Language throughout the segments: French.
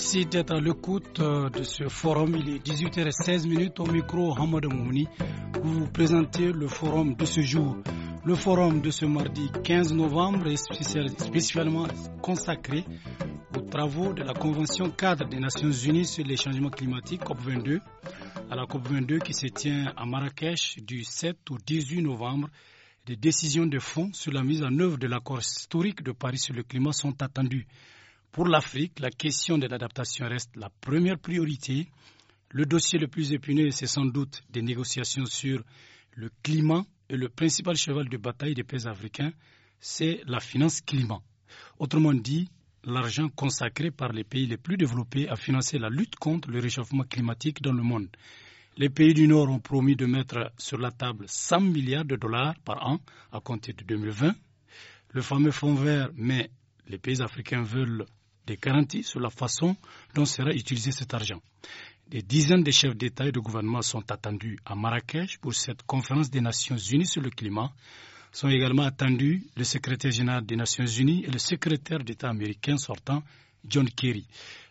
Merci d'être à l'écoute euh, de ce forum. Il est 18h16 au micro Hamad Mouni, pour vous présenter le forum de ce jour. Le forum de ce mardi 15 novembre est spécialement consacré aux travaux de la Convention cadre des Nations Unies sur les changements climatiques COP22 à la COP22 qui se tient à Marrakech du 7 au 18 novembre. Des décisions de fond sur la mise en œuvre de l'accord historique de Paris sur le climat sont attendues. Pour l'Afrique, la question de l'adaptation reste la première priorité. Le dossier le plus épineux, c'est sans doute des négociations sur le climat et le principal cheval de bataille des pays africains, c'est la finance climat. Autrement dit, l'argent consacré par les pays les plus développés à financer la lutte contre le réchauffement climatique dans le monde. Les pays du Nord ont promis de mettre sur la table 100 milliards de dollars par an à compter de 2020. Le fameux fonds vert, mais les pays africains veulent des garanties sur la façon dont sera utilisé cet argent. Des dizaines de chefs d'État et de gouvernement sont attendus à Marrakech pour cette conférence des Nations Unies sur le climat. Sont également attendus le secrétaire général des Nations Unies et le secrétaire d'État américain sortant, John Kerry.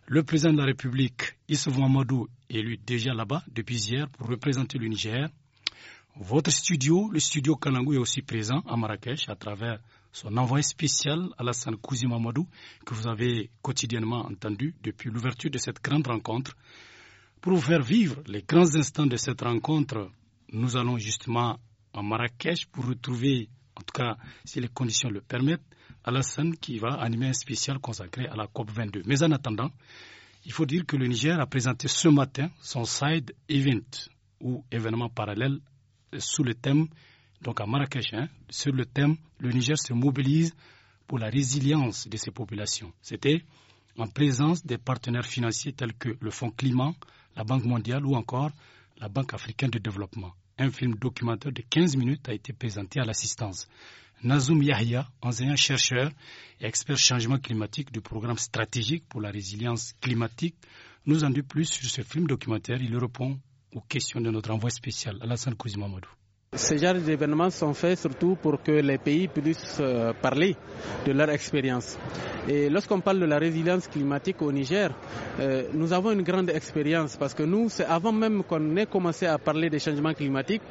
Le président de la République, Issou Amadou, est déjà là-bas depuis hier pour représenter le Niger. Votre studio, le studio Kalangu, est aussi présent à Marrakech à travers son envoyé spécial Alassane Kouzi Mamadou, que vous avez quotidiennement entendu depuis l'ouverture de cette grande rencontre. Pour vous faire vivre les grands instants de cette rencontre, nous allons justement à Marrakech pour retrouver, en tout cas si les conditions le permettent, Alassane qui va animer un spécial consacré à la COP22. Mais en attendant, il faut dire que le Niger a présenté ce matin son side event ou événement parallèle sous le thème donc à Marrakech, hein, sur le thème Le Niger se mobilise pour la résilience de ses populations. C'était en présence des partenaires financiers tels que le Fonds Climat, la Banque mondiale ou encore la Banque africaine de développement. Un film documentaire de 15 minutes a été présenté à l'assistance. Nazoum Yahya, enseignant-chercheur et expert changement climatique du programme stratégique pour la résilience climatique, nous en dit plus sur ce film documentaire. Il répond aux questions de notre envoyé spécial, Alassane Kouzimamadou. Ces genres d'événements sont faits surtout pour que les pays puissent euh, parler de leur expérience. Et lorsqu'on parle de la résilience climatique au Niger, euh, nous avons une grande expérience parce que nous, c'est avant même qu'on ait commencé à parler des changements climatiques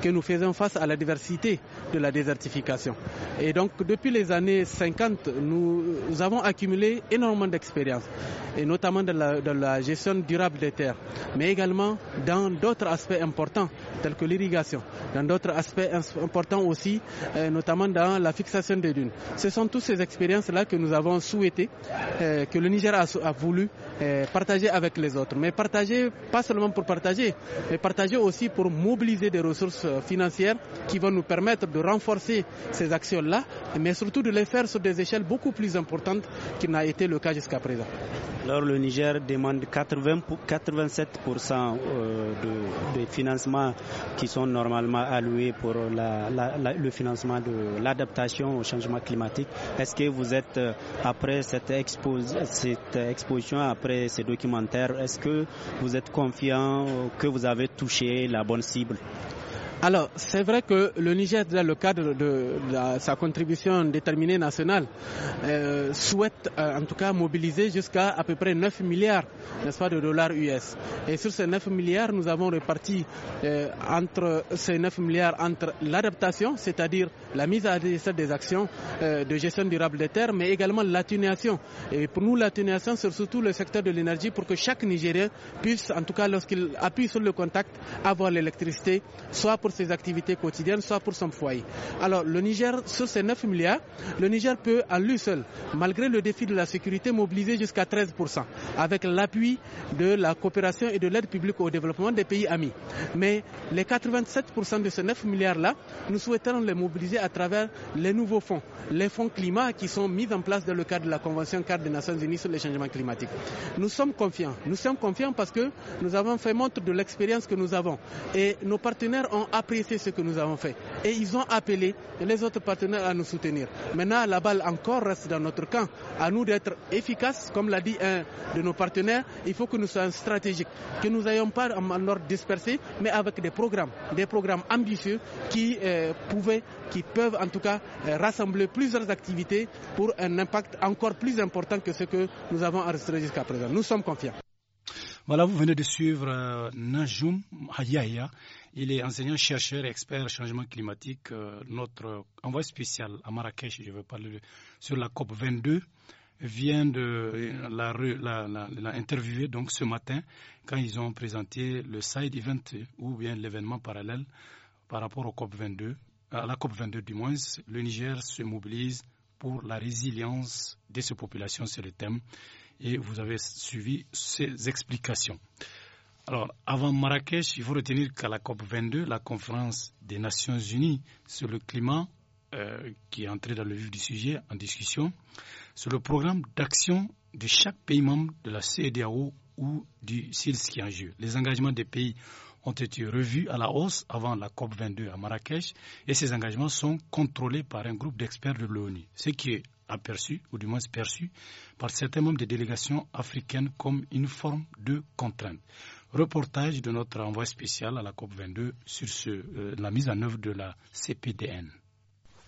que nous faisons face à la diversité de la désertification. Et donc, depuis les années 50, nous, avons accumulé énormément d'expérience, et notamment dans la, la gestion durable des terres, mais également dans d'autres aspects importants tels que l'irrigation, d'autres aspects importants aussi, euh, notamment dans la fixation des dunes. Ce sont toutes ces expériences-là que nous avons souhaité, euh, que le Niger a, voulu euh, partager avec les autres. Mais partager, pas seulement pour partager, mais partager aussi pour mobiliser des ressources financières qui vont nous permettre de renforcer ces actions-là, mais surtout de les faire sur des échelles beaucoup plus importantes qu'il n'a été le cas jusqu'à présent. Alors le Niger demande 87% des de financements qui sont normalement pour le financement de l'adaptation au changement climatique. Est-ce que vous êtes, euh, après cette, cette exposition, après ces documentaires, est-ce que vous êtes confiant que vous avez touché la bonne cible alors, c'est vrai que le Niger, dans le cadre de, sa contribution déterminée nationale, euh, souhaite euh, en tout cas mobiliser jusqu'à à peu près 9 milliards n'est-ce pas, de dollars US. Et sur ces 9 milliards, nous avons réparti euh, entre ces 9 milliards entre l'adaptation, c'est-à-dire la mise à l'échelle des actions de gestion durable des terres, mais également l'atténuation. Et pour nous, l'atténuation, c'est surtout le secteur de l'énergie pour que chaque Nigérien puisse, en tout cas lorsqu'il appuie sur le contact, avoir l'électricité, soit pour ses activités quotidiennes, soit pour son foyer. Alors le Niger, sur ces 9 milliards, le Niger peut à lui seul, malgré le défi de la sécurité, mobiliser jusqu'à 13%, avec l'appui de la coopération et de l'aide publique au développement des pays amis. Mais les 87% de ces 9 milliards-là, nous souhaiterons les mobiliser à travers les nouveaux fonds, les fonds climat qui sont mis en place dans le cadre de la Convention cadre des Nations Unies sur les changements climatiques. Nous sommes confiants. Nous sommes confiants parce que nous avons fait montre de l'expérience que nous avons. Et nos partenaires ont Apprécier ce que nous avons fait. Et ils ont appelé les autres partenaires à nous soutenir. Maintenant, la balle encore reste dans notre camp. À nous d'être efficaces, comme l'a dit un de nos partenaires, il faut que nous soyons stratégiques, que nous n'ayons pas en ordre dispersé, mais avec des programmes, des programmes ambitieux qui euh, pouvaient, qui peuvent en tout cas euh, rassembler plusieurs activités pour un impact encore plus important que ce que nous avons enregistré jusqu'à présent. Nous sommes confiants. Voilà, vous venez de suivre euh, Najum Najoum Hayaya. Il est enseignant, chercheur, expert changement climatique. Euh, notre envoi spécial à Marrakech, je veux parler sur la COP 22, vient de la, donc ce matin quand ils ont présenté le side event ou bien l'événement parallèle par rapport au COP 22. Euh, à la COP 22 du moins, le Niger se mobilise pour la résilience de ses populations, sur le thème et vous avez suivi ces explications. Alors, avant Marrakech, il faut retenir qu'à la COP22, la conférence des Nations Unies sur le climat, euh, qui est entrée dans le vif du sujet en discussion, sur le programme d'action de chaque pays membre de la CEDAO ou du SILS qui est en jeu. Les engagements des pays ont été revus à la hausse avant la COP22 à Marrakech et ces engagements sont contrôlés par un groupe d'experts de l'ONU, ce qui est aperçu, ou du moins perçu, par certains membres des délégations africaines comme une forme de contrainte. Reportage de notre envoi spécial à la COP22 sur ce, euh, la mise en œuvre de la CPDN.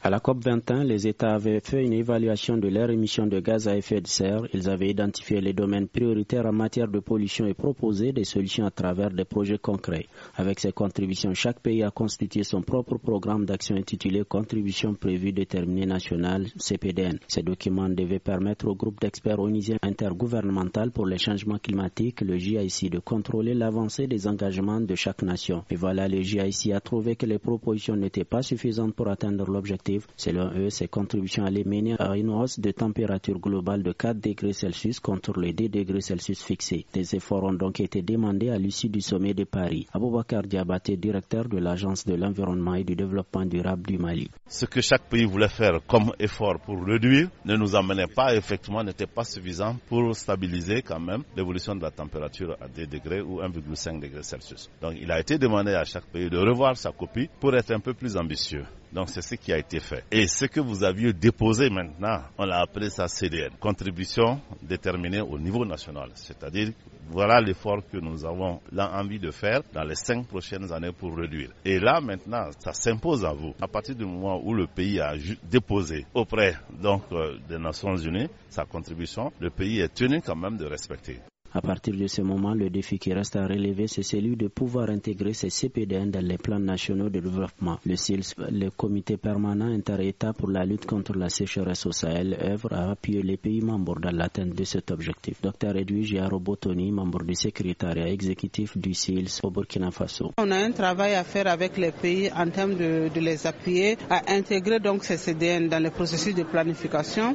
À la COP 21, les États avaient fait une évaluation de leurs émission de gaz à effet de serre. Ils avaient identifié les domaines prioritaires en matière de pollution et proposé des solutions à travers des projets concrets. Avec ces contributions, chaque pays a constitué son propre programme d'action intitulé Contribution prévue déterminée nationale, CPDN. Ces documents devaient permettre au groupe d'experts onisiens intergouvernemental pour les changements climatiques, le JIC, de contrôler l'avancée des engagements de chaque nation. Et voilà, le JIC a trouvé que les propositions n'étaient pas suffisantes pour atteindre l'objectif Selon eux, ces e, contributions allaient mener à une hausse de température globale de 4 degrés Celsius contre les 2 degrés Celsius fixés. Des efforts ont donc été demandés à l'issue du sommet de Paris. Aboubakar Diabaté, directeur de l'Agence de l'environnement et du développement durable du Mali. Ce que chaque pays voulait faire comme effort pour réduire ne nous amenait pas, effectivement, n'était pas suffisant pour stabiliser quand même l'évolution de la température à 2 degrés ou 1,5 degrés Celsius. Donc il a été demandé à chaque pays de revoir sa copie pour être un peu plus ambitieux. Donc c'est ce qui a été fait. Et ce que vous aviez déposé maintenant, on l'a appelé sa CDN, contribution déterminée au niveau national. C'est-à-dire, voilà l'effort que nous avons envie de faire dans les cinq prochaines années pour réduire. Et là maintenant, ça s'impose à vous. À partir du moment où le pays a déposé auprès donc euh, des Nations Unies sa contribution, le pays est tenu quand même de respecter. À partir de ce moment, le défi qui reste à relever, c'est celui de pouvoir intégrer ces CPDN dans les plans nationaux de développement. Le CILS, le comité permanent inter-État pour la lutte contre la sécheresse au Sahel, œuvre à appuyer les pays membres dans l'atteinte de cet objectif. Dr Edwige Yarobotoni, membre du secrétariat exécutif du CILS au Burkina Faso. On a un travail à faire avec les pays en termes de, les appuyer à intégrer donc ces CDN dans le processus de planification,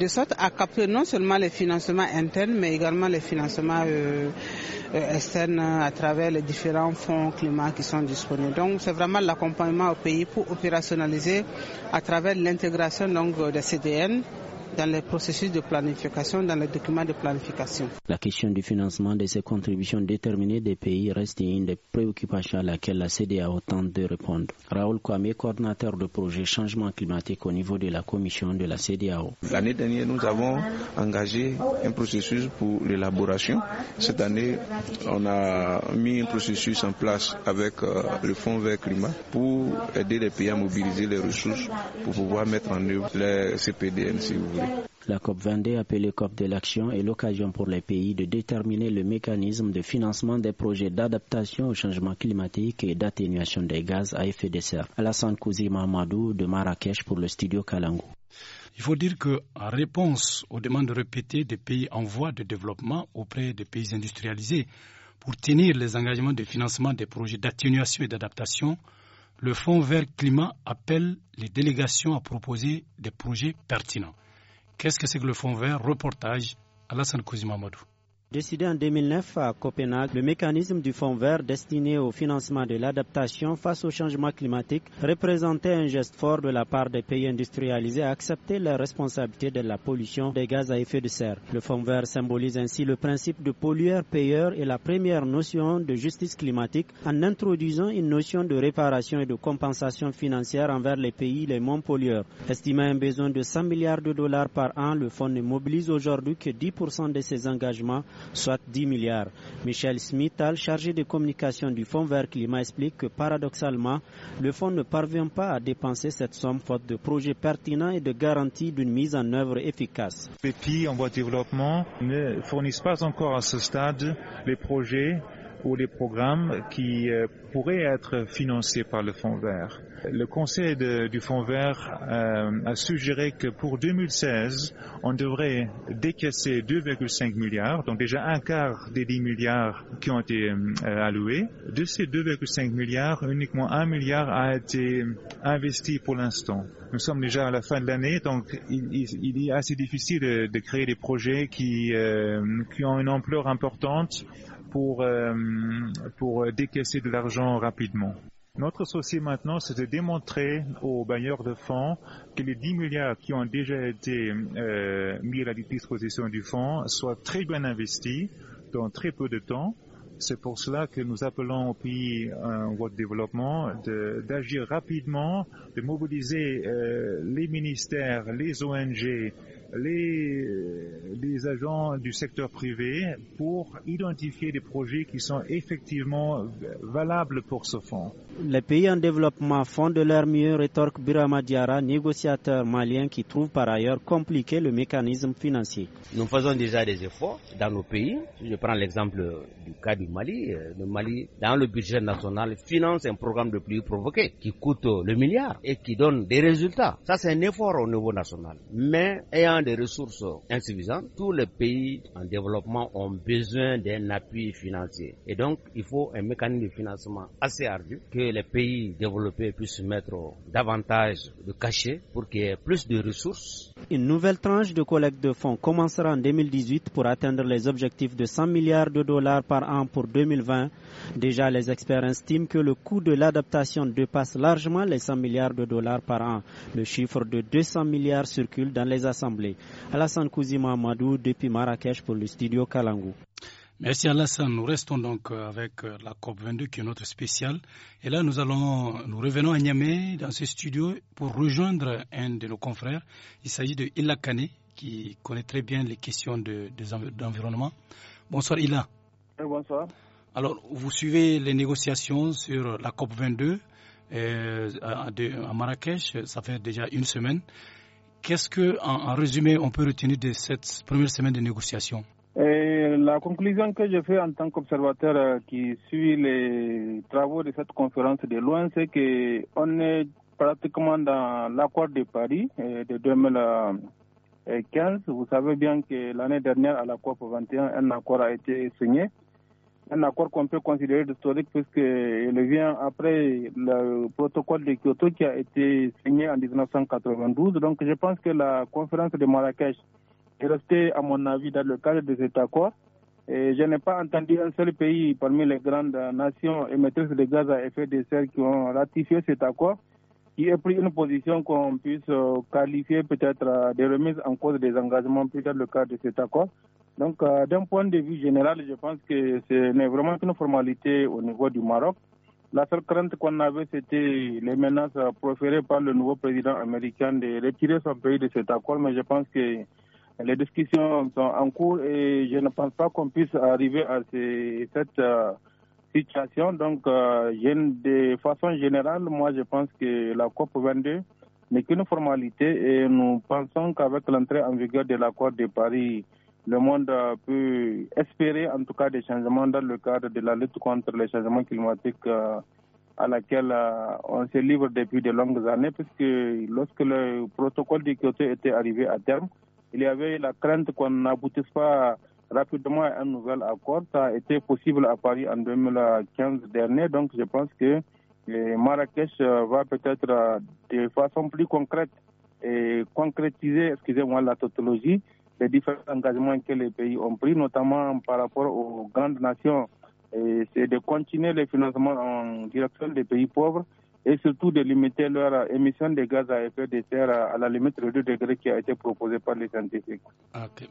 de sorte à capter non seulement les financements internes, mais également les financements financement euh, euh, à travers les différents fonds climat qui sont disponibles. Donc c'est vraiment l'accompagnement au pays pour opérationnaliser à travers l'intégration donc euh, des CDN dans les processus de planification, dans les documents de planification. La question du financement de ces contributions déterminées des pays reste une des préoccupations à laquelle la CDAO tente de répondre. Raoul Kwame, coordinateur de projet Changement climatique au niveau de la commission de la CDAO. L'année dernière, nous avons engagé un processus pour l'élaboration. Cette année, on a mis un processus en place avec euh, le Fonds vert climat pour aider les pays à mobiliser les ressources pour pouvoir mettre en œuvre les CPDN, si vous voulez. La COP22, appelée COP de l'action, est l'occasion pour les pays de déterminer le mécanisme de financement des projets d'adaptation au changement climatique et d'atténuation des gaz à effet de serre. Alassane Kouzi Mamadou de Marrakech pour le studio Kalangou. Il faut dire que, en réponse aux demandes répétées des pays en voie de développement auprès des pays industrialisés pour tenir les engagements de financement des projets d'atténuation et d'adaptation, le Fonds vert climat appelle les délégations à proposer des projets pertinents. Qu'est-ce que c'est que le fond vert Reportage à Alassane Mamadou. Décidé en 2009 à Copenhague, le mécanisme du Fonds vert destiné au financement de l'adaptation face au changement climatique représentait un geste fort de la part des pays industrialisés à accepter la responsabilité de la pollution des gaz à effet de serre. Le Fonds vert symbolise ainsi le principe de pollueur-payeur et la première notion de justice climatique en introduisant une notion de réparation et de compensation financière envers les pays les moins pollueurs. Estimé un besoin de 100 milliards de dollars par an, le Fonds ne mobilise aujourd'hui que 10% de ses engagements soit 10 milliards. Michel Smithal, chargé de communication du Fonds vert climat, explique que paradoxalement, le fonds ne parvient pas à dépenser cette somme faute de projets pertinents et de garanties d'une mise en œuvre efficace. Les pays en voie de développement ne fournissent pas encore à ce stade les projets ou les programmes qui euh, pourraient être financés par le Fonds vert le Conseil du Fonds vert euh, a suggéré que pour 2016, on devrait décaisser 2,5 milliards, donc déjà un quart des 10 milliards qui ont été euh, alloués. De ces 2,5 milliards, uniquement 1 milliard a été investi pour l'instant. Nous sommes déjà à la fin de l'année, donc il, est assez difficile de, créer des projets euh, qui, ont une ampleur importante pour, pour décaisser de l'argent rapidement. Notre souci maintenant, c'est de démontrer aux bailleurs de fonds que les 10 milliards qui ont déjà été euh, mis à la disposition du fonds soient très bien investis dans très peu de temps. C'est pour cela que nous appelons au pays euh, en voie de développement d'agir rapidement, de mobiliser euh, les ministères, les ONG les, les euh, agents du secteur privé pour identifier des projets qui sont effectivement euh, valables pour ce fonds. Les pays en développement font de leur mieux, rétorque Birama Diara, négociateur malien qui trouve par ailleurs compliqué le mécanisme financier. Nous faisons déjà des efforts dans nos pays. Je prends l'exemple du cas du Mali. Euh, le Mali, dans le budget national, finance un programme de pluie provoqué qui coûte le milliard et qui donne des résultats. Ça, c'est un effort au niveau national. Mais ayant des ressources insuffisantes, tous les pays en développement ont besoin d'un appui financier. Et donc, il faut un mécanisme de financement assez ardu que les pays développés puissent mettre davantage de cachets pour qu'il y ait plus de ressources. Une nouvelle tranche de collecte de fonds commencera en 2018 pour atteindre les objectifs de 100 milliards de dollars par an pour 2020. Déjà, les experts estiment que le coût de l'adaptation dépasse largement les 100 milliards de dollars par an. Le chiffre de 200 milliards circule dans les assemblées. Alassane Kouzima Amadou depuis Marrakech pour le studio Kalangou. Merci Alassane. Nous restons donc euh, avec euh, la COP22 qui est notre spéciale. Et là, nous allons, nous revenons à Niamey dans ce studio pour rejoindre un de nos confrères. Il s'agit de Illa Kane qui connaît très bien les questions d'environnement. De, bonsoir Illa. bonsoir. Alors, vous suivez les négociations sur la COP22 euh, à Marrakech. Ça fait déjà une semaine. Qu'est-ce que, en, résumé, on peut retenir de cette première semaine de négociation La conclusion que je fais en tant qu'observateur euh, qui suit les travaux de cette conférence de loin, c'est qu'on est pratiquement dans l'accord de Paris euh, de 2015. Vous savez bien que l'année dernière, à la COP 21, un accord a été signé un accord qu'on peut considérer d'historique puisqu'il vient après le protocole de Kyoto qui a été signé en 1992. Donc je pense que la conférence de Marrakech est restée, à mon avis, dans le cadre de cet accord. Et je n'ai pas entendu un seul pays parmi les grandes nations émettrices de gaz à effet de serre qui ont ratifié cet accord, qui ait pris une position qu'on puisse qualifier peut-être de remise en cause des engagements plus dans le cadre de cet accord. Donc, euh, d'un point de vue général, je pense que ce n'est vraiment qu'une formalité au niveau du Maroc. La seule crainte qu'on avait, c'était les menaces proférées par le nouveau président américain de retirer son pays de cet accord, mais je pense que les discussions sont en cours et je ne pense pas qu'on puisse arriver à cette euh, situation. Donc, euh, de façon générale, moi, je pense que la COP22 n'est qu'une formalité et nous pensons qu'avec l'entrée en vigueur de l'accord de Paris, le monde peut espérer en tout cas des changements dans le cadre de la lutte contre les changements climatiques euh, à laquelle euh, on se livre depuis de longues années, puisque lorsque le protocole de Kyoto était arrivé à terme, il y avait la crainte qu'on n'aboutisse pas rapidement à un nouvel accord. Ça a été possible à Paris en 2015 dernier, donc je pense que euh, Marrakech va peut-être de façon plus concrète et concrétiser, excusez-moi, la tautologie, les différents engagements que les pays ont pris, notamment par rapport aux grandes nations, c'est de continuer les financements en direction des pays pauvres et surtout de limiter leur émission de gaz à effet de serre à la limite de 2 degrés qui a été proposée par les scientifiques.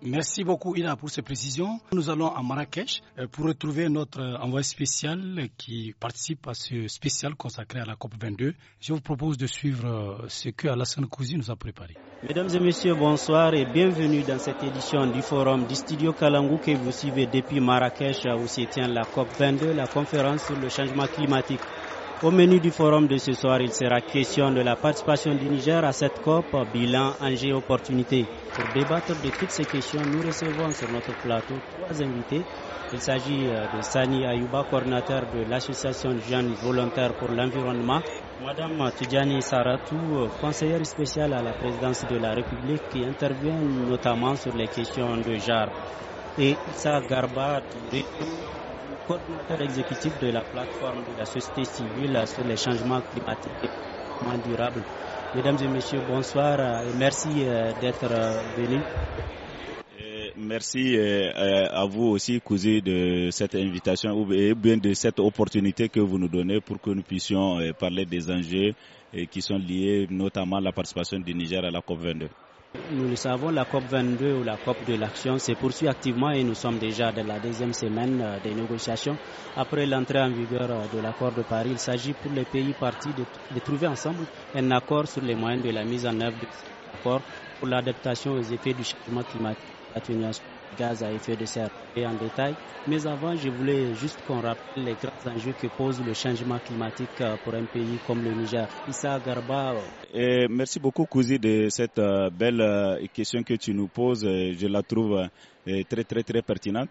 Merci beaucoup Ina pour ces précisions. Nous allons à Marrakech euh, pour retrouver notre euh, envoyé spécial qui participe à ce spécial consacré à la COP22. Je vous propose de suivre euh, ce que Alassane Kouzi nous a préparé. Mesdames et messieurs, bonsoir et bienvenue dans cette édition du forum du studio Kalangou que vous suivez depuis Marrakech où se tient la COP22, la conférence sur le changement climatique. Au menu du forum de ce soir, il sera question de la participation du Niger à cette COP bilan enjeux opportunités. Pour débattre de toutes ces questions, nous recevons sur notre plateau trois invités. Il s'agit euh, de Sani Ayuba, coordinateur de l'association Jeunes Volontaires pour l'Environnement, Madame Tudjani Saratou, euh, conseillère spéciale à la présidence de la République, qui intervient notamment sur les questions de genre, et Issa Garba, de coordinateur exécutif de la plateforme de la société civile sur les changements climatiques et moins durables. Mesdames et messieurs, bonsoir euh, et merci euh, d'être euh, venus. Merci à vous aussi, Cousin, de cette invitation et bien de cette opportunité que vous nous donnez pour que nous puissions parler des enjeux qui sont liés notamment à la participation du Niger à la COP22. Nous le savons, la COP22 ou la COP de l'action se poursuit activement et nous sommes déjà dans la deuxième semaine euh, des négociations. Après l'entrée en vigueur euh, de l'accord de Paris, il s'agit pour les pays partis de, trouver ensemble un accord sur les moyens de la mise en œuvre de cet accord pour l'adaptation aux effets du changement climatique gaz à effet de serre et en détail. Mais avant, je voulais juste qu'on rappelle les grands enjeux que pose le changement climatique euh, pour un pays comme le Niger. Issa Garba. Euh, merci beaucoup, Kouzi, de cette euh, belle question que tu nous poses. Je la trouve très, très, très pertinente.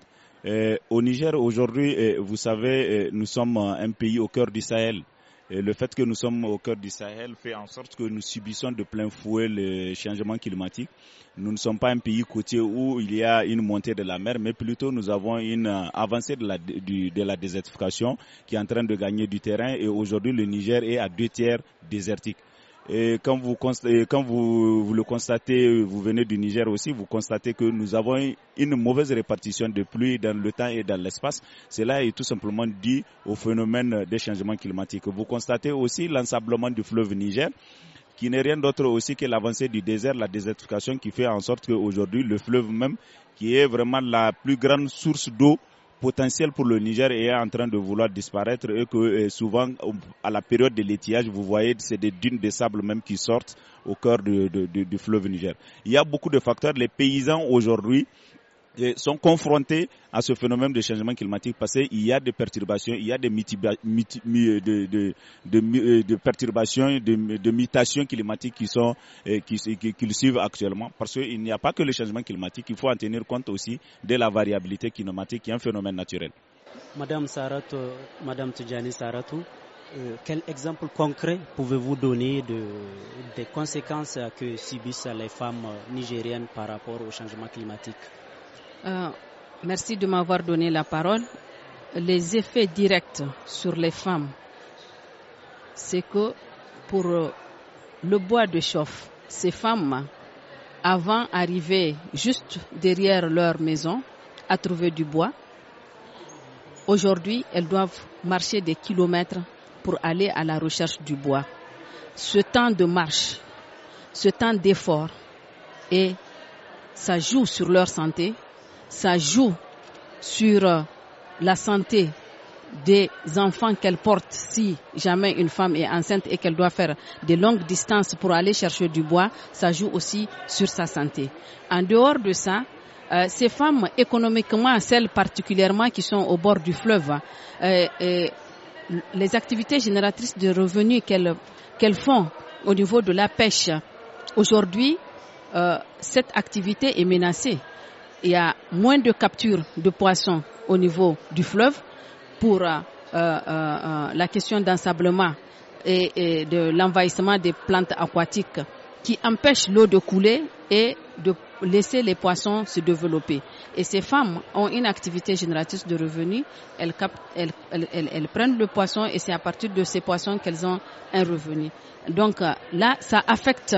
Au Niger, aujourd'hui, vous savez, nous sommes un pays au cœur du Sahel le fait que nous sommes au cœur du Sahel fait en sorte que nous subissons de plein fouet le changement climatique. Nous ne sommes pas un pays côtier où il y a une montée de la mer, mais plutôt nous avons une euh, avancée de la, de la désertification qui est en train de gagner du terrain. Et aujourd'hui, le Niger est à deux tiers désertique. Et quand vous, quand vous, le constatez, vous venez du Niger aussi, vous constatez que nous avons une mauvaise répartition de pluie dans le temps et dans l'espace. Cela est tout simplement dû au phénomène des changements climatiques. Vous constatez aussi l'ensablement du fleuve Niger qui n'est rien d'autre aussi que l'avancée du désert, la désertification qui fait en sorte qu'aujourd'hui le fleuve même, qui est vraiment la plus grande source d'eau potentiel pour le Niger est en train de vouloir disparaître et que eh, souvent à la période de l'étiage, vous voyez, c'est des dunes de sable même qui sortent au cœur du, du, fleuve Niger. Il y a beaucoup de facteurs. Les paysans aujourd'hui, sont confrontés à ce phénomène de changement climatique parce qu'il y a des perturbations, il y a des, euh, de, de, euh, perturbations, de, mutations climatiques qui sont euh, qui, suivent actuellement. Parce qu'il n'y a pas que le changement climatique, il faut en tenir compte aussi de la variabilité climatique qui est un phénomène naturel. Madame Saratou, Madame Saratou, quel exemple concret pouvez-vous donner des conséquences que subissent les femmes nigériennes par rapport au changement climatique euh, merci de m'avoir donné la parole. Les effets directs sur les femmes, c'est que pour euh, le bois de chauffe, ces femmes, avant arrivaient juste derrière leur maison à trouver du bois. Aujourd'hui, elles doivent marcher des kilomètres pour aller à la recherche du bois. Ce temps de marche, ce temps d'effort, et ça joue sur leur santé, ça joue sur euh, la santé des enfants qu'elle porte si jamais une femme est enceinte et qu'elle doit faire de longues distances pour aller chercher du bois, ça joue aussi sur sa santé. En dehors de ça, euh, ces femmes économiquement, celles particulièrement qui sont au bord du fleuve, euh, les activités génératrices de revenus qu'elles font au niveau de la pêche, aujourd'hui, cette activité est menacée il y a moins de captures de poissons au niveau du fleuve pour euh, euh, euh, la question d'ensablement et, de l'envahissement des plantes aquatiques qui empêchent l'eau de couler et de laisser les poissons se développer. Et ces femmes ont une activité génératrice de revenus. Elles, prennent le poisson et c'est à partir de ces poissons qu'elles ont un revenu. Donc là, ça affecte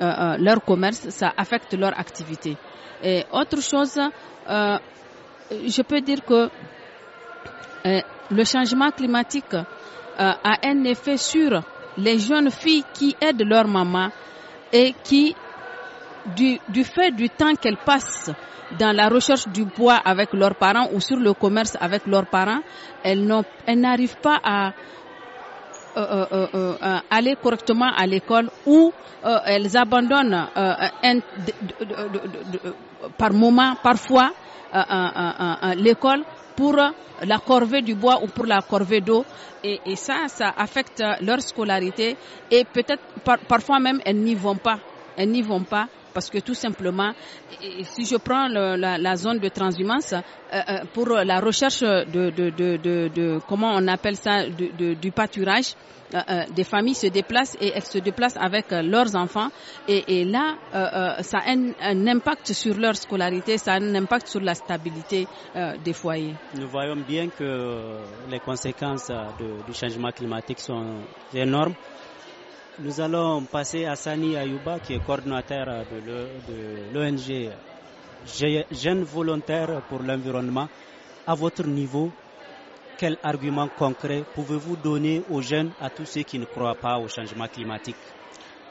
leur commerce, ça affecte leur activité. Et autre chose, euh, je peux dire que euh, le changement climatique euh, a un effet sur les jeunes filles qui aident leur maman et qui, du, du fait du temps qu'elles passent dans la recherche du bois avec leurs parents ou sur le commerce avec leurs parents, elles n'arrivent pas à aller correctement à l'école ou elles abandonnent par moment, parfois, euh, l'école pour euh, la corvée du bois ou pour la corvée d'eau. Et, ça, ça affecte leur scolarité et peut-être parfois même elles n'y vont pas. Elles n'y vont pas parce que tout simplement, si je prends la, zone de transhumance, euh, euh, pour la recherche de, de, comment on appelle ça, du pâturage, euh, des familles se déplacent et elles se déplacent avec leurs enfants. Et, là, ça a un, impact sur leur scolarité, ça a un impact sur la stabilité des foyers. Nous voyons bien que les conséquences du changement climatique sont énormes. Nous allons passer à Sani Ayuba qui est coordinateur de l'ONG Jeunes Volontaires pour l'Environnement. À votre niveau, quel argument concret pouvez-vous donner aux jeunes, à tous ceux qui ne croient pas au changement climatique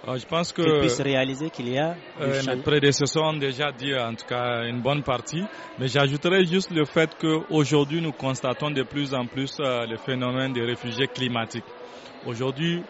euh, Je pense que. Qu'ils puissent réaliser qu'il y a. Euh, mes prédécesseurs ont déjà dit, euh, en tout cas, une bonne partie. Mais j'ajouterai juste le fait qu'aujourd'hui, nous constatons de plus en plus euh, le phénomène des réfugiés climatiques. Aujourd'hui,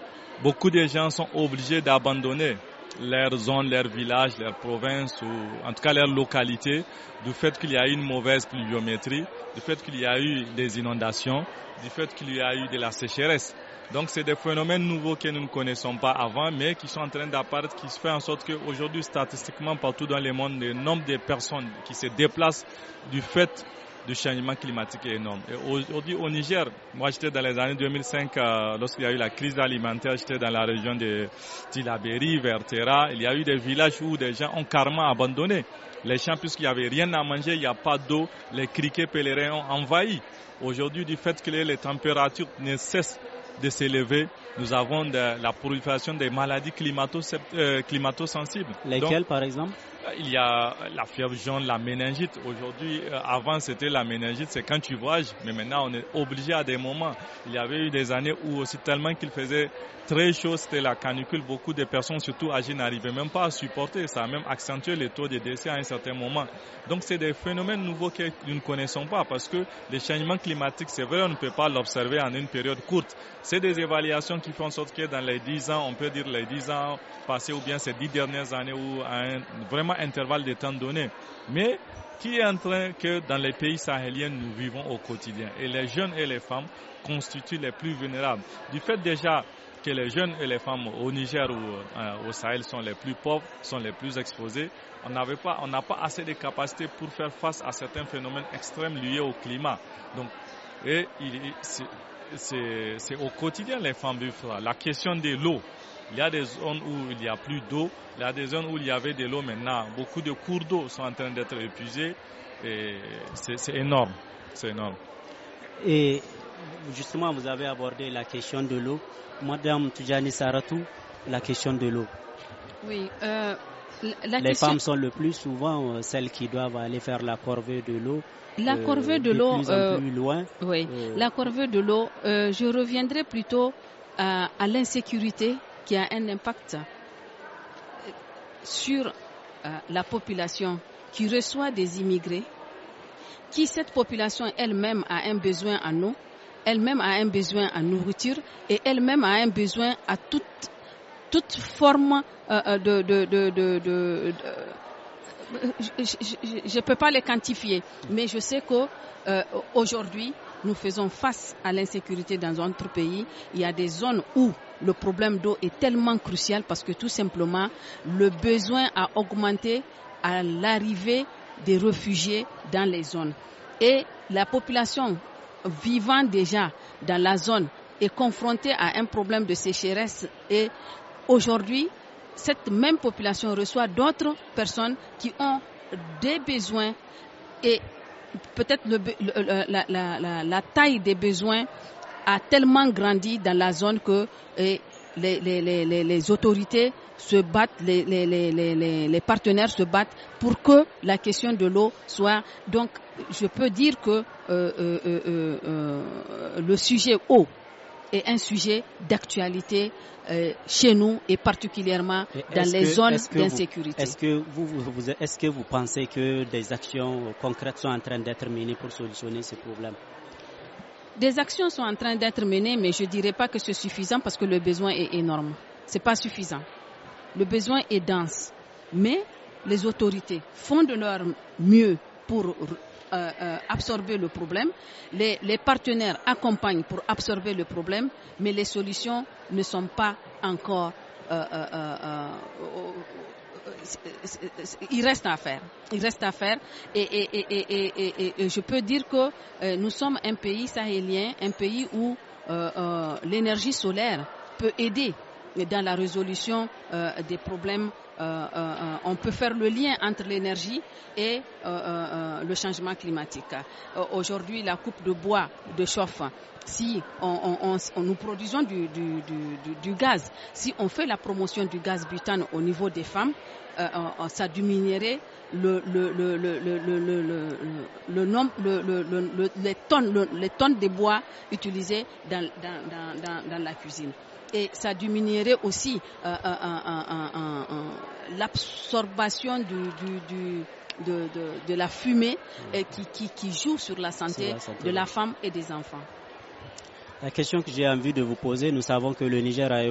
beaucoup de gens sont obligés d'abandonner leur zone, leur village, leur province ou en tout cas leur localité du fait qu'il y a eu une mauvaise pluviométrie, du fait qu'il y a eu des inondations, du fait qu'il y a eu de la sécheresse. Donc c'est des phénomènes nouveaux que nous ne connaissons pas avant, mais qui sont en train d'apparaître, qui se fait en sorte qu'aujourd'hui, statistiquement, partout dans le monde, le nombre de personnes qui se déplacent du fait du changement climatique énorme. Et aujourd'hui au Niger, moi j'étais dans les années 2005, euh, lorsqu'il y a eu la crise alimentaire, j'étais dans la région de Tilaberi, Vertera. Il y a eu des villages où des gens ont carrément abandonné les champs puisqu'il n'y avait rien à manger, il n'y a pas d'eau, les criquets pèlerins ont envahi. Aujourd'hui, du fait que les températures ne cessent de s'élever, nous avons de, la prolifération des maladies euh, climato-sensibles. Lesquelles, par exemple euh, il y a la fièvre jaune, la méningite. Aujourd'hui, euh, avant c'était la méningite, c'est quand tu voyages, mais maintenant on est obligé à des moments. Il y avait eu des années où aussi tellement qu'il faisait très chaud, c'était la canicule, beaucoup de personnes, surtout âgées, n'arrivaient même pas à supporter. Ça a même accentué les taux de décès à un certain moment. Donc c'est des phénomènes nouveaux que nous ne connaissons pas parce que les changements climatiques, c'est vrai, on ne peut pas l'observer en une période courte. C'est des évaluations qui font en sorte que dans les 10 ans, on peut dire les 10 ans passés ou bien ces 10 dernières années où vraiment intervalle de temps donné, mais qui est en train que dans les pays sahéliens nous vivons au quotidien. Et les jeunes et les femmes constituent les plus vulnérables. Du fait déjà que les jeunes et les femmes au Niger ou euh, au Sahel sont les plus pauvres, sont les plus exposés, on n'avait pas, on n'a pas assez de capacités pour faire face à certains phénomènes extrêmes liés au climat. Donc, et c'est au quotidien les femmes vivent La question de l'eau, il y a des zones où il n'y a plus d'eau, il y a des zones où il y avait de l'eau maintenant. Beaucoup de cours d'eau sont en train d'être épuisés et c'est énorme. C'est énorme. Et justement, vous avez abordé la question de l'eau. Madame Tujani Saratou, la question de l'eau. Oui. Euh, les femmes sont le plus souvent euh, celles qui doivent aller faire la corvée de l'eau. La euh, corvée de, l'eau. loin. Oui. la corvée de l'eau. je reviendrai plutôt à l'insécurité qui a un impact sur euh, la population qui reçoit des immigrés, qui cette population elle-même a un besoin à nous, elle-même a un besoin à nourriture et elle-même a un besoin à toute, toute forme euh, euh, de, de, de, de je ne peux pas les quantifier, mais je sais qu'aujourd'hui, euh, nous faisons face à l'insécurité dans notre pays, il y a des zones où le problème d'eau est tellement crucial parce que tout simplement, le besoin a augmenté à l'arrivée des réfugiés dans les zones. Et la population vivant déjà dans la zone est confrontée à un problème de sécheresse et aujourd'hui, cette même population reçoit d'autres personnes qui ont des besoins et peut-être la, la, taille des besoins a tellement grandi dans la zone que eh, les, autorités se battent, les, partenaires se battent pour que la question de l'eau soit. Donc, je peux dire que euh, euh, euh, le sujet eau est un sujet d'actualité euh, chez nous et particulièrement dans les zones d'insécurité. Est-ce que vous, est que vous pensez que des actions concrètes sont en train d'être menées pour solutionner ces problèmes Des actions sont en train d'être menées, mais je ne dirais pas que c'est suffisant parce que le besoin est énorme. C'est pas suffisant. Le besoin est dense, mais les autorités font de leur mieux pour euh, euh, absorber le problème, les, partenaires accompagnent pour absorber le problème, mais les solutions ne sont pas encore... Euh, il reste à faire. Il reste à faire. Et, et, je peux dire que nous sommes un pays sahélien, un pays où l'énergie solaire peut aider dans la résolution des problèmes on peut faire le lien entre l'énergie et le changement climatique. Aujourd'hui, la coupe de bois de chauffe si on, nous produisons du, gaz, si on fait la promotion du gaz butane au niveau des femmes, ça diminuerait les, tonnes, de bois utilisées dans la cuisine et ça diminuerait aussi l'absorption de, la fumée euh, qui, qui, joue sur la santé, de la femme et des enfants. La question que j'ai envie de vous poser, nous savons que le Niger a,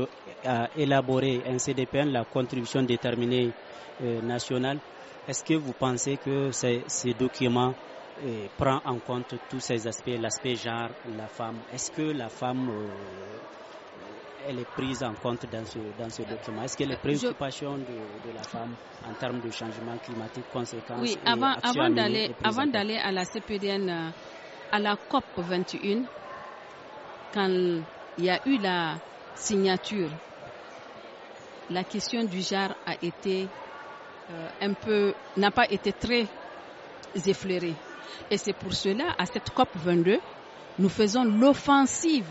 élaboré un CDPN, la contribution déterminée euh, nationale. Est-ce que vous pensez que ce document euh, prend en compte tous ces aspects, l'aspect genre, la femme Est-ce que la femme elle est prise en compte dans ce, dans ce document Est-ce que les préoccupations de, la femme en termes de changement climatique, conséquences Oui, avant, avant d'aller à la CPDN, euh, à la COP 21, quand il y a eu la signature, la question du genre a été euh, un peu, n'a pas été très effleurée. Et c'est pour cela, à cette COP 22, nous faisons l'offensive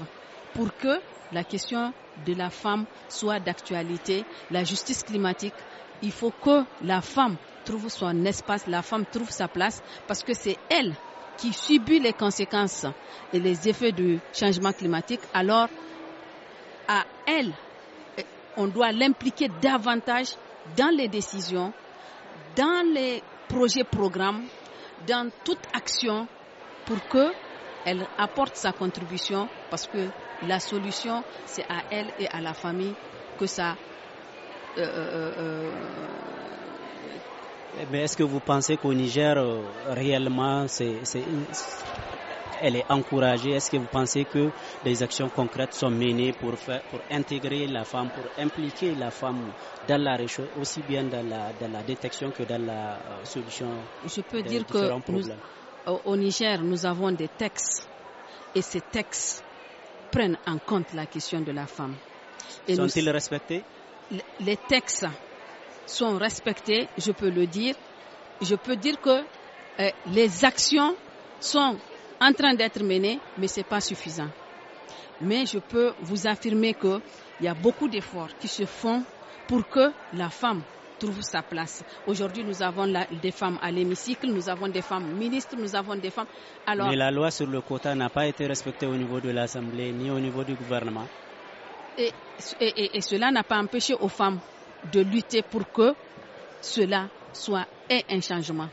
pour que la question de la femme soit d'actualité, la justice climatique. Il faut que la femme trouve son espace, la femme trouve sa place, parce que c'est elle qui subit les conséquences et les effets du changement climatique. Alors, à elle, on doit l'impliquer davantage dans les décisions, dans les projets, programmes, dans toute action pour que elle apporte sa contribution parce que la solution, c'est à elle et à la famille que ça. Euh, euh, euh, eh est-ce que vous pensez qu'au Niger, réellement, c'est, elle est encouragée Est-ce que vous pensez que des actions concrètes sont menées pour, faire, pour intégrer la femme, pour impliquer la femme dans la recherche, aussi bien dans la, détection que dans la solution Je peux dire que au Niger, nous avons des textes et ces textes prennent en compte la question de la femme. Sont-ils respectés Les textes sont respectés, je peux le dire. Je peux dire que euh, les actions sont en train d'être menées, mais ce n'est pas suffisant. Mais je peux vous affirmer qu'il y a beaucoup d'efforts qui se font pour que la femme trouve sa place. Aujourd'hui, nous avons des femmes à l'hémicycle, nous avons des femmes ministres, nous avons des femmes. Alors... Mais la loi sur le quota n'a pas été respectée au niveau de l'Assemblée ni au niveau du gouvernement. Et, cela n'a pas empêché aux femmes de lutter pour que cela soit un changement.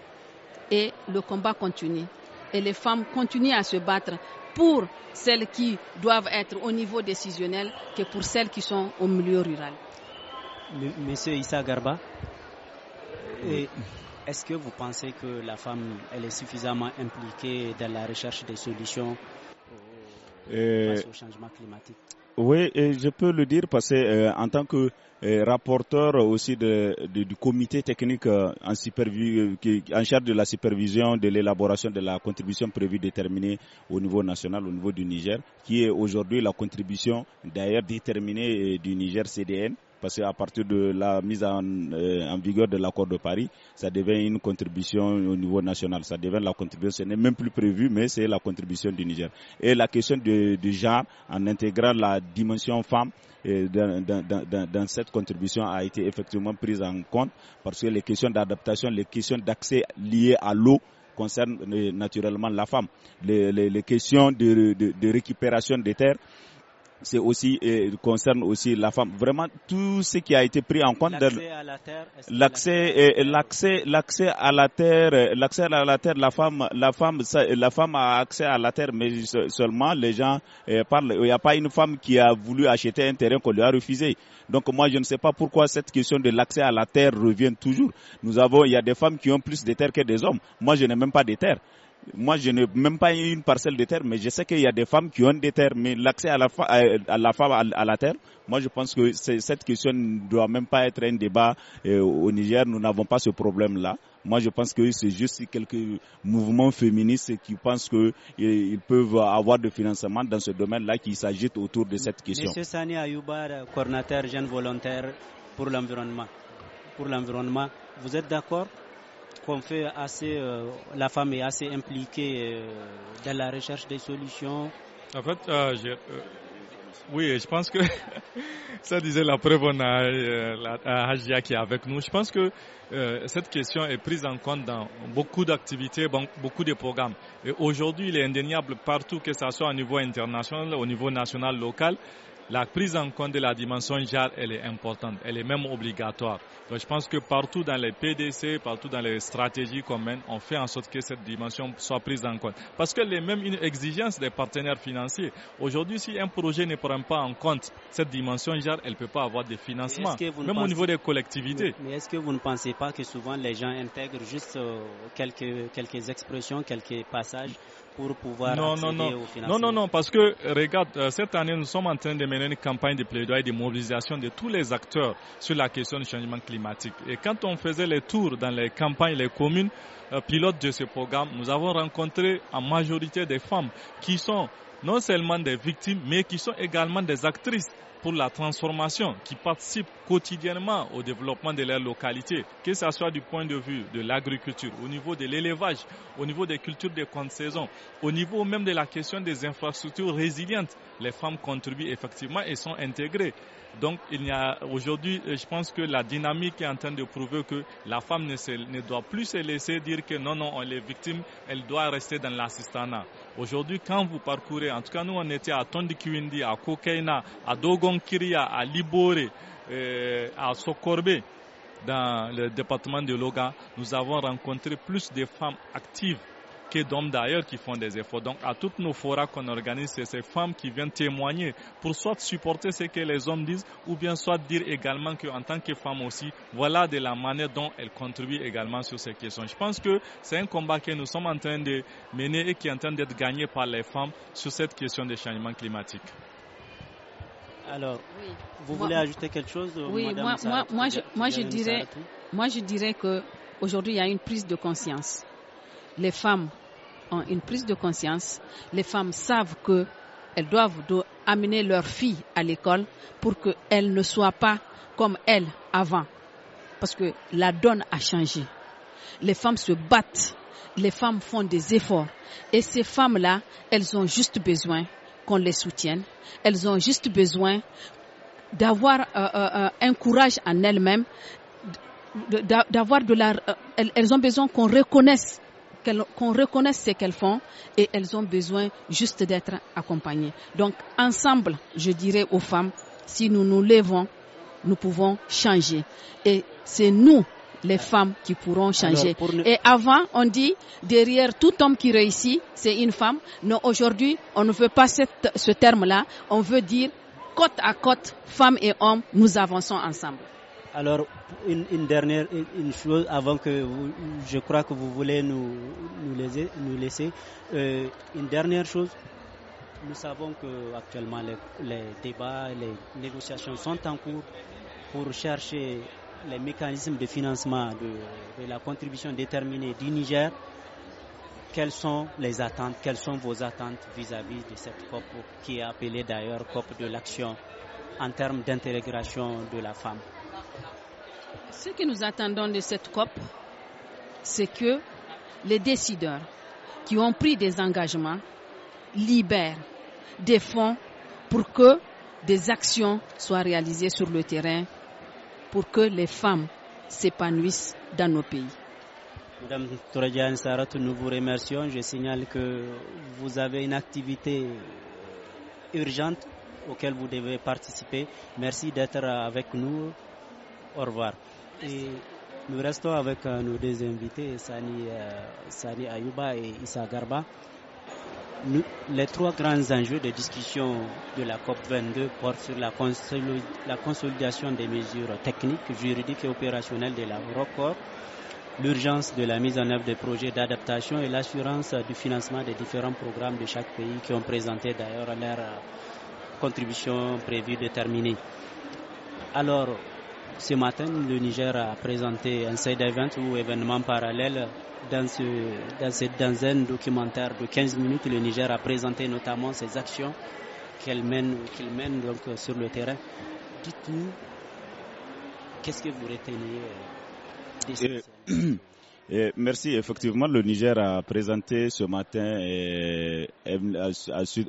Et le combat continue. Et les femmes continuent à se battre pour celles qui doivent être au niveau décisionnel que pour celles qui sont au milieu rural monsieur Issa Garba, est-ce que vous pensez que la femme, elle est suffisamment impliquée dans la recherche des solutions face euh, au changement climatique oui, je peux le dire parce que euh, en tant que euh, rapporteur aussi du comité technique en charge de la supervision de l'élaboration de la contribution prévue déterminée au niveau national, au niveau du Niger, qui est aujourd'hui la contribution d'ailleurs déterminée du Niger CDN, parce qu'à partir de la mise euh, en, vigueur de l'accord de Paris, ça devient une contribution au niveau national. Ça devient la contribution, ce n'est même plus prévu, mais c'est la contribution du Niger. Et la question du genre, en intégrant la dimension femme, euh, dans, cette contribution a été effectivement prise en compte parce que les questions d'adaptation, les questions d'accès liées à l'eau concernent euh, naturellement la femme. Les, questions de récupération des terres c'est aussi concerne aussi la femme. Vraiment tout ce qui a été pris en compte l'accès l'accès l'accès à la terre, l'accès à la terre, la femme la femme la femme a accès à la terre mais seulement les gens eh, parlent. Il n'y a pas une femme qui a voulu acheter un terrain qu'on lui a refusé. Donc moi je ne sais pas pourquoi cette question de l'accès à la terre revient toujours. Nous avons il y a des femmes qui ont plus de terres que des hommes. Moi je n'ai même pas de terre moi, je n'ai même pas une parcelle de terre, mais je sais qu'il y a des femmes qui ont des terres, mais l'accès à la, à la femme, à, la terre, moi, je pense que cette question ne doit même pas être un débat euh, au Niger. Nous n'avons pas ce problème-là. Moi, je pense que c'est juste quelques mouvements féministes qui pensent qu'ils euh, peuvent avoir de financement dans ce domaine-là qui s'agitent autour de cette question. Monsieur Sani Ayoubar, coordinateur jeune volontaire pour l'environnement. Pour l'environnement, vous êtes d'accord qu'on fait assez, euh, la femme est assez impliquée euh, dans la recherche des solutions. En fait, euh, oui, je pense que ça disait la preuve, on a qui est avec nous. Je pense que cette question est prise en compte dans beaucoup d'activités, beaucoup de programmes. Et aujourd'hui, il est indéniable partout, que ce soit au niveau international, au niveau national, local la prise en compte de la dimension genre, elle est importante, elle est même obligatoire. Donc je pense que partout dans les PDC, partout dans les stratégies communes, on fait en sorte que cette dimension soit prise en compte. Parce que même une exigence des partenaires financiers. Aujourd'hui, si un projet ne prend pas en compte cette dimension genre, elle ne peut pas avoir de financement, même au niveau des collectivités. Mais, est-ce que vous ne pensez pas que souvent les gens intègrent juste euh, quelques, quelques expressions, quelques passages pour pouvoir non, non, non. au financement. Non, non, non, parce que regarde, euh, cette année, nous sommes en train de mener une campagne de plaidoyer et de mobilisation de tous les acteurs sur la question du changement climatique. Et quand on faisait les tours dans les campagnes, les communes euh, pilotes de ce programme, nous avons rencontré en majorité des femmes qui sont non seulement des victimes, mais qui sont également des actrices pour la transformation qui participe quotidiennement au développement de leur localité, que ce soit du point de vue de l'agriculture, au niveau de l'élevage, au niveau des cultures de compte saison, au niveau même de la question des infrastructures résilientes. Les femmes contribuent effectivement et sont intégrées. Donc il y a aujourd'hui, euh, je pense que la dynamique est en train de prouver que la femme ne, doit plus se laisser dire que non, non, elle est victime, elle doit rester dans l'assistanat. Aujourd'hui, quand vous parcourez, en tout cas nous on était à Tondikiwindi, à Kokaina, à Dogonkiria, à Libore, euh, à Sokorbe, dans le département de Loga, nous avons rencontré plus de femmes actives que d'hommes d'ailleurs qui font des efforts. Donc à toutes nos forats qu'on organise, c'est ces femmes qui viennent témoigner pour soit supporter ce que les hommes disent ou bien soit dire également qu'en tant que femme aussi, voilà de la manière dont elles contribuent également sur ces questions. Je pense que c'est un combat que nous sommes en train de mener et qui est en train d'être gagné par les femmes sur cette question des changements climatiques. Alors, oui. vous voulez ajouter quelque chose euh, Oui, moi, moi, je, moi, je dirais, moi, je dirais que aujourd'hui, il y a une prise de conscience les femmes ont une prise de conscience, les femmes savent que elles doivent amener leurs filles à l'école pour qu'elles ne soient pas comme elles avant. Parce que la donne a changé. Les femmes se battent, les femmes font des efforts. Et ces femmes-là, elles ont juste besoin qu'on les soutienne. Elles ont juste besoin d'avoir euh, euh, euh, un courage en elles-mêmes, d'avoir de la... elles ont besoin qu'on reconnaisse qu'on reconnaisse ce qu'elles font et elles ont besoin juste d'être accompagnées. Donc ensemble, je dirais aux femmes, si nous nous levons, nous pouvons changer. Et c'est nous, les femmes, qui pourrons changer. Et avant, on dit, derrière tout homme qui réussit, c'est une femme. Non, aujourd'hui, on ne veut pas ce terme-là. On veut dire, côte à côte, femmes et hommes, nous avançons ensemble. Alors, une, dernière chose avant que je crois que vous voulez nous, laisser. Euh, une dernière chose, nous savons qu'actuellement les, débats, les négociations sont en cours pour chercher les mécanismes de financement de, la contribution déterminée du Niger. Quelles sont les attentes, quelles sont vos attentes vis à -vis de cette COP qui est appelée d'ailleurs COP de l'action en termes d'intégration de la femme ce que nous attendons de cette COP, c'est que les décideurs qui ont pris des engagements libèrent des fonds pour que des actions soient réalisées sur le terrain pour que les femmes s'épanouissent dans nos pays. Madame Toradjan Saratou, nous vous remercions. Je signale que vous avez une activité urgente auquel vous devez participer. Merci d'être avec nous. Au revoir. Et nous restons avec euh, nos deux invités, Sani, euh, Sani Ayuba et Issa Garba. les trois grands enjeux de discussion de la COP22 portent sur la, consolidation des mesures techniques, juridiques et opérationnelles de la ROCOR, l'urgence de la mise en œuvre des projets d'adaptation et l'assurance du financement des différents programmes de chaque pays qui ont présenté d'ailleurs leur euh, contribution prévue déterminée. Alors, ce matin, le Niger a présenté un side event ou événement parallèle. Dans, ce, dans, dans un documentaire de 15 minutes, le Niger a présenté notamment ses actions qu'il mène, qu'il mène donc sur le terrain. Dites-nous, qu'est-ce que vous retenez euh, de eh, eh, merci. Effectivement, le Niger a présenté ce matin eh,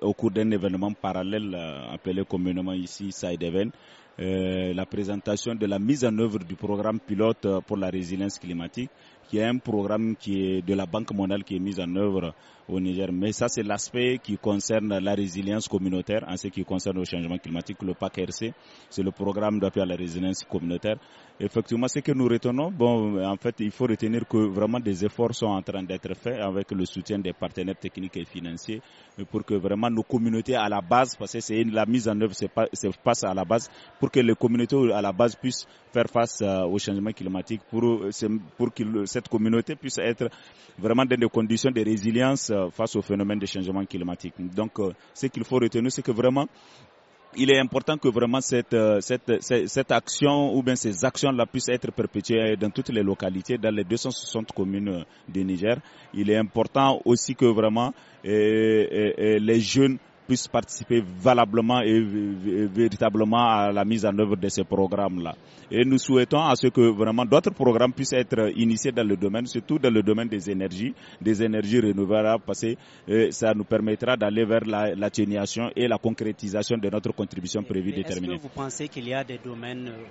au cours d'un événement parallèle euh, appelé communément ici Side Event euh, la présentation de la mise en œuvre du programme pilote euh, pour la résilience climatique, qui est un programme qui est de la Banque mondiale qui est mise en œuvre au Niger. Mais ça, c'est l'aspect qui concerne la résilience communautaire en ce qui concerne le changement climatique, le PAC-RC. C'est le programme d'appui à la résilience communautaire. Effectivement, ce que nous retenons, bon, en fait, il faut retenir que vraiment des efforts sont en train d'être faits avec le soutien des partenaires techniques et financiers pour que vraiment nos communautés à la base, parce que c'est la mise en œuvre se passe à la base, pour que les communautés à la base puissent faire face euh, au changement climatique, pour, euh, pour que cette communauté puisse être vraiment dans des conditions de résilience euh, face au phénomène de changement climatique. Donc, ce qu'il faut retenir, c'est que vraiment il est important que vraiment euh, cette, cette, cette, action ou bien ces actions-là puissent être perpétuées dans toutes les localités, dans les 260 communes du Niger. Il est important aussi que vraiment euh, euh, les jeunes puissent participer valablement et véritablement à la mise en œuvre de ces programmes-là. Et nous souhaitons à ce que vraiment d'autres programmes puissent être initiés dans le domaine, surtout dans le domaine des énergies, des énergies renouvelables, parce que euh, ça nous permettra d'aller vers l'atténuation et la concrétisation de notre contribution prévue déterminée. Est-ce que vous pensez qu'il y a des domaines euh,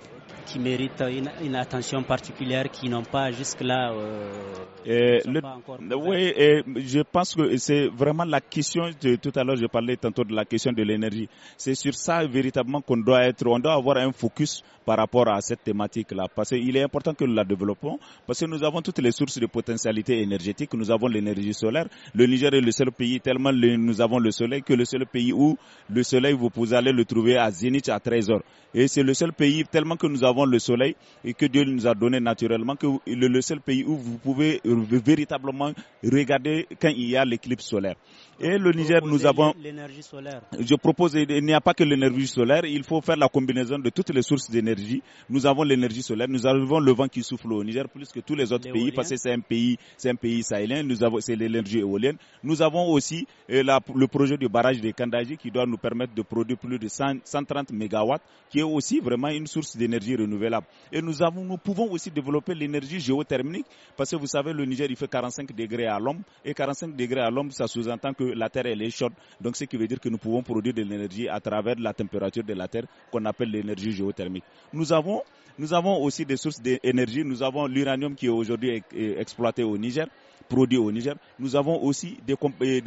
qui méritent une, attention particulière qui n'ont pas jusque-là euh, Oui, et je pense que c'est vraiment la question, de, tout à l'heure je parlais autour de la question de l'énergie. C'est sur ça véritablement qu'on doit être, on doit avoir un focus par rapport à cette thématique-là. Parce qu'il est important que nous la développons, parce que nous avons toutes les sources de potentialité énergétique. Nous avons l'énergie solaire. Le Niger est le seul pays, tellement nous avons le soleil, que le seul pays où le soleil, vous pouvez aller le trouver à Zénith à 13 heures. Et c'est le seul pays, tellement que nous avons le soleil et que Dieu nous a donné naturellement, que le seul pays où vous pouvez euh, véritablement regarder quand il y a l'éclipse solaire. Et le Niger, nous avons. L'énergie solaire. Je propose, il n'y a pas que l'énergie solaire, il faut faire la combinaison de toutes les sources d'énergie. Nous avons l'énergie solaire, nous avons le vent qui souffle au Niger plus que tous les autres pays, parce que c'est un pays, c'est un pays sahélien, nous avons, c'est l'énergie éolienne. Nous avons aussi euh, le projet du barrage de Kandaji qui doit nous permettre de produire plus de 130 mégawatts, qui est aussi vraiment une source d'énergie renouvelable. Et nous avons, nous pouvons aussi développer l'énergie géothermique, parce que vous savez, le Niger, il fait 45 degrés à l'homme, et 45 degrés à l'homme, ça sous-entend que la Terre elle est chaude. Donc ce qui veut dire que nous pouvons produire de l'énergie à travers la température de la Terre qu'on appelle l'énergie géothermique. Nous avons, nous avons aussi des sources d'énergie. Nous avons l'uranium qui est aujourd'hui euh, exploité au Niger, produit au Niger. Nous avons aussi des,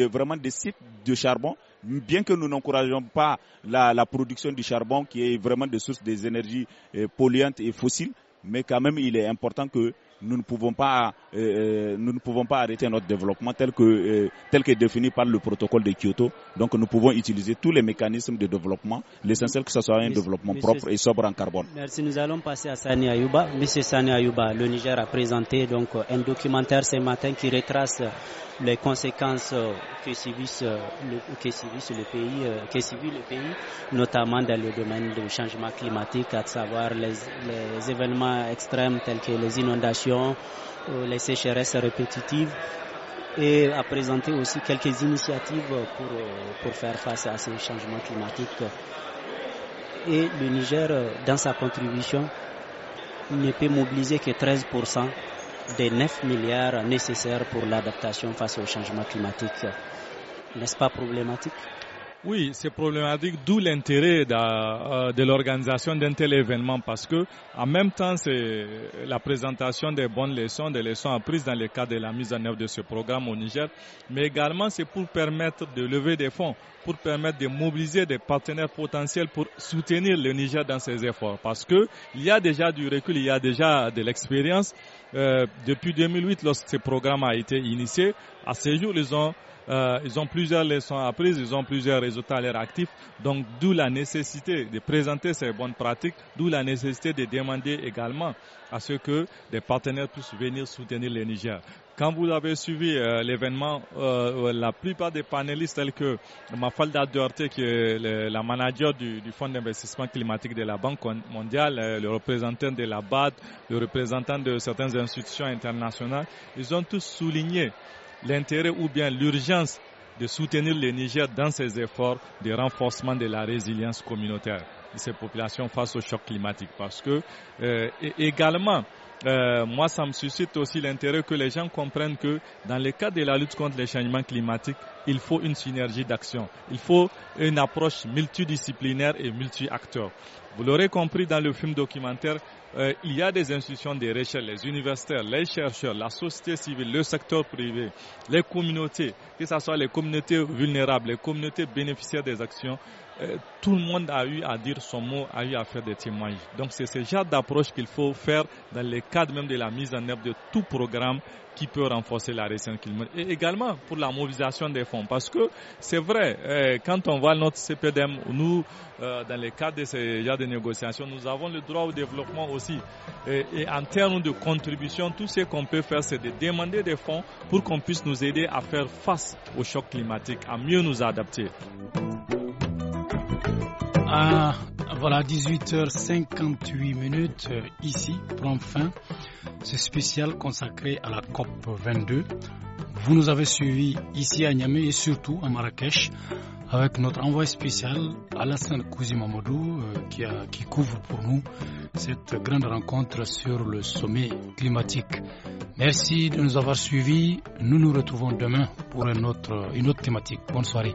euh, vraiment des sites de charbon bien que nous n'encourageons pas la, production du charbon qui est vraiment des sources des énergies euh, polluantes et fossiles, mais quand même il est important que nous ne pouvons pas, euh, euh, nous ne pouvons pas arrêter notre développement tel que, euh, tel que défini par le protocole de Kyoto. Donc nous pouvons utiliser tous les mécanismes de développement, l'essentiel que ce soit un développement propre et sobre en carbone. Merci. Nous allons passer à Sani Ayouba. Monsieur Sani Ayouba, le Niger a présenté donc un documentaire ce matin qui retrace les conséquences que subissent le, le pays, subit le pays, notamment dans le domaine du changement climatique, à savoir les événements extrêmes tels que les inondations euh, les sécheresses répétitives et a présenté aussi quelques initiatives pour, euh, faire face à ces changements climatiques. Et le Niger, euh, dans sa contribution, ne peut mobiliser que 13% des 9 milliards nécessaires pour l'adaptation face au changement climatique. N'est-ce pas problématique oui, c'est problématique, d'où l'intérêt euh, de, l'organisation d'un tel événement, parce que en même temps, c'est la présentation des bonnes leçons, des leçons apprises dans le cadre de la mise en œuvre de ce programme au Niger, mais également c'est pour permettre de lever des fonds, pour permettre de mobiliser des partenaires potentiels pour soutenir le Niger dans ses efforts, parce que il y a déjà du recul, il y a déjà de l'expérience. Euh, depuis 2008, lorsque ce programme a été initié, à ce jour, ils ont euh, ils ont plusieurs leçons apprises, ils ont plusieurs résultats à l'air actif. Donc, d'où la nécessité de présenter ces bonnes pratiques, d'où la nécessité de demander également à ce que des partenaires puissent venir soutenir le Niger. Quand vous avez suivi euh, l'événement, euh, euh, la plupart des panélistes, tels que Mafalda Duarte, qui est la manager du, Fonds d'investissement climatique de la Banque mondiale, euh, le représentant de la BAD, le représentant de certaines institutions internationales, ils ont tous souligné l'intérêt ou bien l'urgence de soutenir le Niger dans ses efforts de renforcement de la résilience communautaire de ses populations face au choc climatique. Parce que euh, également, euh, moi, ça me suscite aussi l'intérêt que les gens comprennent que dans le cadre de la lutte contre les changements climatiques, il faut une synergie d'action. Il faut une approche multidisciplinaire et multi vous l'aurez compris dans le film documentaire, euh, il y a des institutions de recherche, les universitaires, les chercheurs, la société civile, le secteur privé, les communautés, que ce soit les communautés vulnérables, les communautés bénéficiaires des actions, euh, tout le monde a eu à dire son mot, a eu à faire des témoignages. Donc c'est ce genre d'approche qu'il faut faire dans le cadre même de la mise en œuvre de tout programme qui peut renforcer la résilience climatique. Et également pour la mobilisation des fonds. Parce que c'est vrai, eh, quand on voit notre CPDM, nous, euh, dans le cadre de ces de négociations, nous avons le droit au développement aussi. Et, en termes de contribution, tout ce qu'on peut faire, c'est de demander des fonds pour qu'on puisse nous aider à faire face au choc climatique, à mieux nous adapter. Ah. Voilà, 18h58 minutes, euh, ici prend fin ce spécial consacré à la COP 22. Vous nous avez suivis ici à Niamey et surtout à Marrakech avec notre envoyé spécial Alassane Kouzimamodou, euh, qui, couvre pour nous cette grande rencontre sur le sommet climatique. Merci de nous avoir suivis. Nous nous retrouvons demain pour autre, une autre thématique. Bonne soirée.